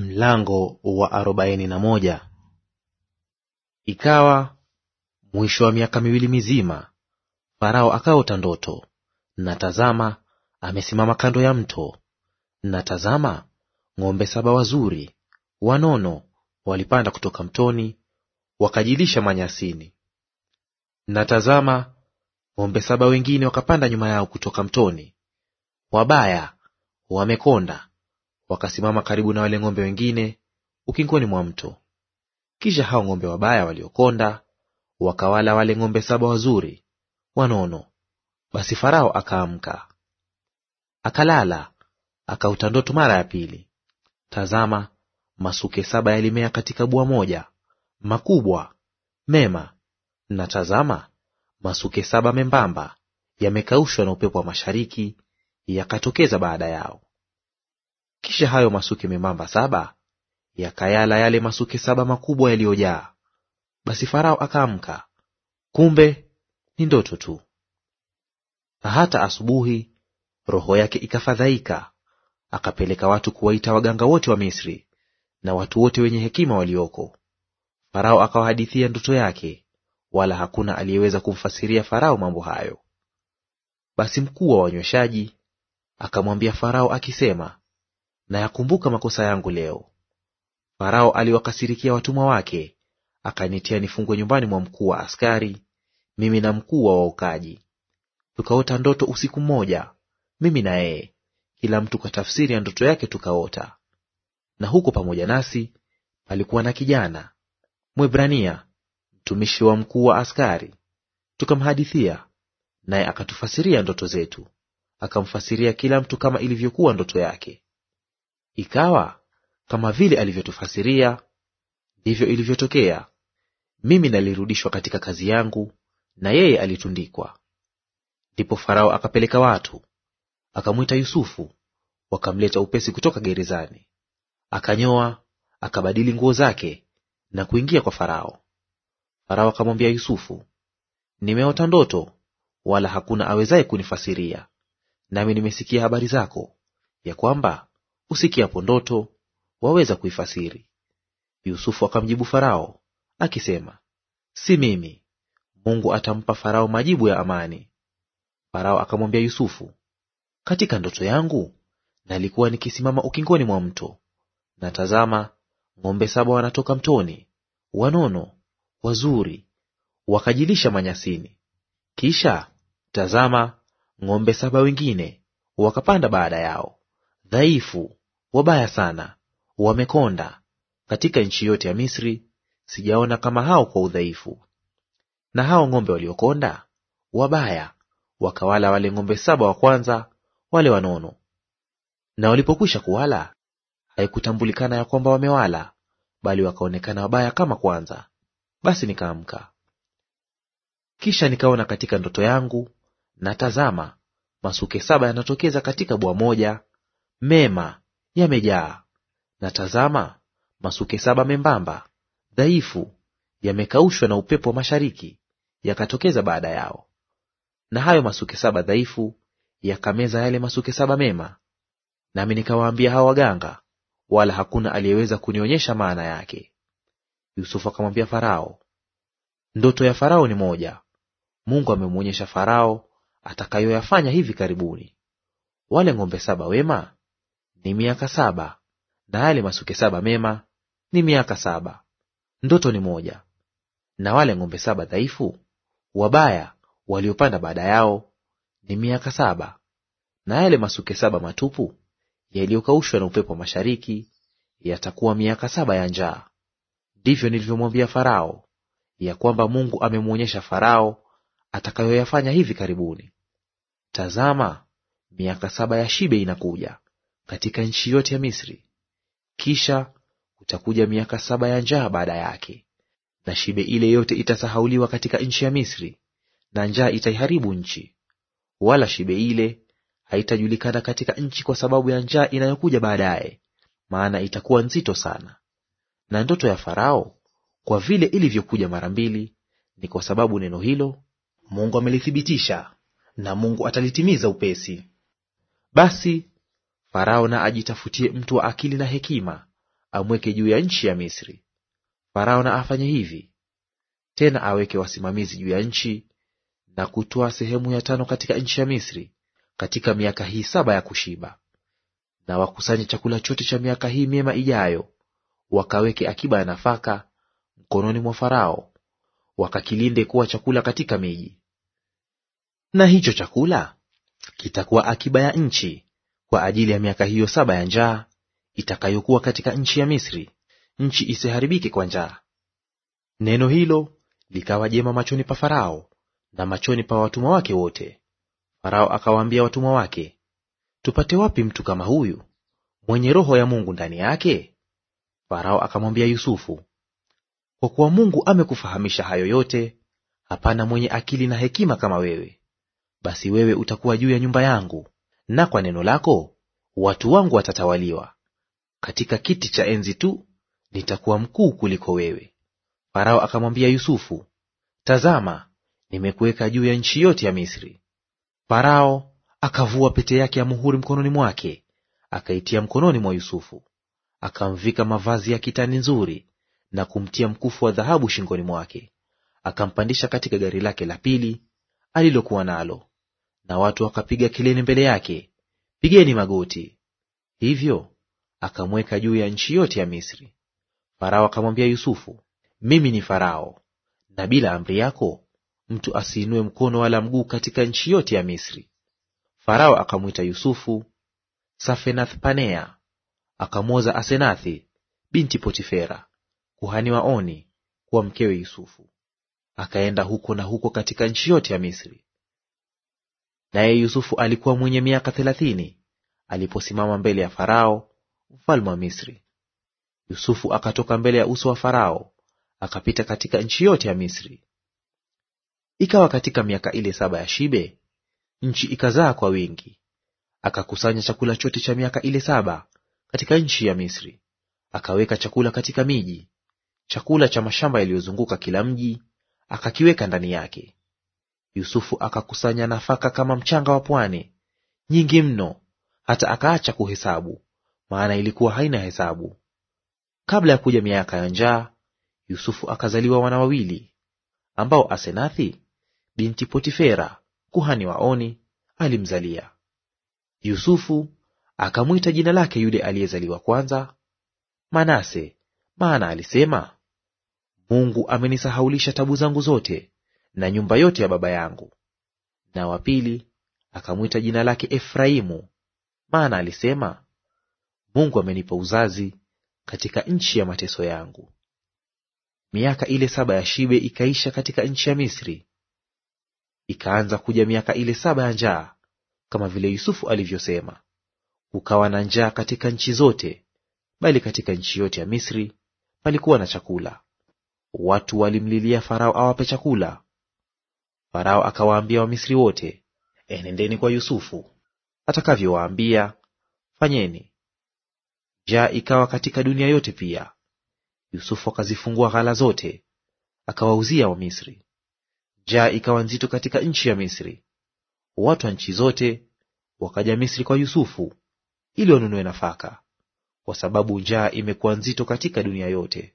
Mlango wa arobaini na moja. Ikawa mwisho wa miaka miwili mizima, Farao akaota ndoto, na tazama, amesimama kando ya mto, na tazama, ng'ombe saba wazuri wanono walipanda kutoka mtoni, wakajilisha manyasini. Na tazama, ng'ombe saba wengine wakapanda nyuma yao kutoka mtoni, wabaya wamekonda wakasimama karibu na wale ng'ombe wengine ukingoni mwa mto. Kisha hao ng'ombe wabaya waliokonda wakawala wale ng'ombe saba wazuri wanono. Basi Farao akaamka, akalala, akaota ndoto mara ya pili. Tazama, masuke saba yalimea katika bua moja, makubwa mema; na tazama, masuke saba membamba yamekaushwa na upepo wa mashariki, yakatokeza baada yao. Kisha hayo masuke membamba saba yakayala yale masuke saba makubwa yaliyojaa. Basi Farao akaamka, kumbe ni ndoto tu. Hata asubuhi roho yake ikafadhaika, akapeleka watu kuwaita waganga wote wa Misri na watu wote wenye hekima walioko. Farao akawahadithia ndoto yake, wala hakuna aliyeweza kumfasiria Farao mambo hayo. Basi mkuu wa wanyweshaji akamwambia Farao akisema, na yakumbuka makosa yangu leo. Farao aliwakasirikia watumwa wake, akanitia nifungwe nyumbani mwa mkuu wa askari, mimi na mkuu wa waokaji. Tukaota ndoto usiku mmoja, mimi na yeye, kila mtu kwa tafsiri ya ndoto yake tukaota. Na huko pamoja nasi palikuwa na kijana Mwebrania, mtumishi wa mkuu wa askari. Tukamhadithia, naye akatufasiria ndoto zetu, akamfasiria kila mtu kama ilivyokuwa ndoto yake. Ikawa kama vile alivyotufasiria, ndivyo ilivyotokea. Mimi nalirudishwa katika kazi yangu, na yeye alitundikwa. Ndipo Farao akapeleka watu, akamwita Yusufu, wakamleta upesi kutoka gerezani. Akanyoa, akabadili nguo zake na kuingia kwa Farao. Farao akamwambia Yusufu, nimeota ndoto, wala hakuna awezaye kunifasiria. Nami nimesikia habari zako, ya kwamba usikiapo ndoto waweza kuifasiri. Yusufu akamjibu Farao akisema, si mimi. Mungu atampa Farao majibu ya amani. Farao akamwambia Yusufu, katika ndoto yangu nalikuwa nikisimama ukingoni mwa mto, na tazama, ng'ombe saba wanatoka mtoni, wanono wazuri, wakajilisha manyasini. Kisha tazama, ng'ombe saba wengine wakapanda baada yao, dhaifu, Wabaya sana, wamekonda; katika nchi yote ya Misri sijaona kama hao kwa udhaifu. Na hao ng'ombe waliokonda wabaya wakawala wale ng'ombe saba wa kwanza wale wanono. Na walipokwisha kuwala, haikutambulikana ya kwamba wamewala, bali wakaonekana wabaya kama kwanza. Basi nikaamka. Kisha nikaona katika ndoto yangu, na tazama, masuke saba yanatokeza katika bwa moja mema yamejaa. Na tazama, masuke saba membamba dhaifu yamekaushwa na upepo wa mashariki, yakatokeza baada yao. Na hayo masuke saba dhaifu yakameza yale masuke saba mema. Nami nikawaambia hao waganga, wala hakuna aliyeweza kunionyesha maana yake. Yusufu akamwambia Farao, ndoto ya Farao ni moja. Mungu amemwonyesha Farao atakayoyafanya hivi karibuni. Wale ng'ombe saba wema ni miaka saba, na yale masuke saba mema ni miaka saba. Ndoto ni moja. Na wale ng'ombe saba dhaifu wabaya waliopanda baada yao ni miaka saba, na yale masuke saba matupu yaliyokaushwa na upepo wa mashariki yatakuwa miaka saba ya njaa. Ndivyo nilivyomwambia Farao ya kwamba Mungu amemwonyesha Farao atakayoyafanya hivi karibuni. Tazama, miaka saba ya shibe inakuja, katika nchi yote ya Misri. Kisha kutakuja miaka saba ya njaa baada yake, na shibe ile yote itasahauliwa katika nchi ya Misri, na njaa itaiharibu nchi, wala shibe ile haitajulikana katika nchi kwa sababu ya njaa inayokuja baadaye, maana itakuwa nzito sana. Na ndoto ya Farao kwa vile ilivyokuja mara mbili, ni kwa sababu neno hilo Mungu amelithibitisha, na Mungu atalitimiza upesi. Basi Farao na ajitafutie mtu wa akili na hekima, amweke juu ya nchi ya Misri. Farao na afanye hivi tena, aweke wasimamizi juu ya nchi na kutoa sehemu ya tano katika nchi ya Misri katika miaka hii saba ya kushiba. Na wakusanye chakula chote cha miaka hii miema ijayo, wakaweke akiba ya nafaka mkononi mwa Farao, wakakilinde kuwa chakula katika miji. Na hicho chakula kitakuwa akiba ya nchi kwa ajili ya miaka hiyo saba ya njaa itakayokuwa katika nchi ya Misri, nchi isiharibike kwa njaa. Neno hilo likawa jema machoni pa Farao na machoni pa watumwa wake wote. Farao akawaambia watumwa wake, tupate wapi mtu kama huyu mwenye roho ya Mungu ndani yake? Farao akamwambia Yusufu, kwa kuwa Mungu amekufahamisha hayo yote, hapana mwenye akili na hekima kama wewe. Basi wewe utakuwa juu ya nyumba yangu na kwa neno lako watu wangu watatawaliwa. Katika kiti cha enzi tu nitakuwa mkuu kuliko wewe. Farao akamwambia Yusufu, tazama, nimekuweka juu ya nchi yote ya Misri. Farao akavua pete yake ya muhuri mkononi mwake, akaitia mkononi mwa Yusufu. Akamvika mavazi ya kitani nzuri na kumtia mkufu wa dhahabu shingoni mwake. Akampandisha katika gari lake la pili alilokuwa nalo, na watu wakapiga kelele mbele yake, pigeni magoti. Hivyo akamweka juu ya nchi yote ya Misri. Farao akamwambia Yusufu, mimi ni Farao, na bila amri yako mtu asiinue mkono wala mguu katika nchi yote ya Misri. Farao akamwita Yusufu Safenath Panea, akamwoza Asenathi binti Potifera, kuhani wa Oni, kuwa mkewe Yusufu. Akaenda huko na huko katika nchi yote ya Misri, Naye Yusufu alikuwa mwenye miaka thelathini aliposimama mbele ya Farao mfalme wa Misri. Yusufu akatoka mbele ya uso wa Farao akapita katika nchi yote ya Misri. Ikawa katika miaka ile saba ya shibe, nchi ikazaa kwa wingi. Akakusanya chakula chote cha miaka ile saba katika nchi ya Misri, akaweka chakula katika miji, chakula cha mashamba yaliyozunguka kila mji akakiweka ndani yake. Yusufu akakusanya nafaka kama mchanga wa pwani, nyingi mno, hata akaacha kuhesabu, maana ilikuwa haina hesabu. Kabla ya kuja miaka ya njaa, Yusufu akazaliwa wana wawili, ambao Asenathi binti Potifera kuhani wa Oni alimzalia. Yusufu akamwita jina lake yule aliyezaliwa kwanza Manase, maana alisema, Mungu amenisahaulisha tabu zangu zote, na nyumba yote ya baba yangu. Na wa pili akamwita jina lake Efraimu, maana alisema, Mungu amenipa uzazi katika nchi ya mateso yangu. Miaka ile saba ya shibe ikaisha katika nchi ya Misri. Ikaanza kuja miaka ile saba ya njaa, kama vile Yusufu alivyosema, kukawa na njaa katika nchi zote, bali katika nchi yote ya Misri palikuwa na chakula. Watu walimlilia Farao awape chakula, Farao akawaambia Wamisri wote, enendeni eh, kwa Yusufu, atakavyowaambia fanyeni. Njaa ikawa katika dunia yote pia. Yusufu akazifungua ghala zote, akawauzia Wamisri. Njaa ikawa nzito katika nchi ya Misri. Watu wa nchi zote wakaja Misri kwa Yusufu ili wanunue nafaka, kwa sababu njaa imekuwa nzito katika dunia yote.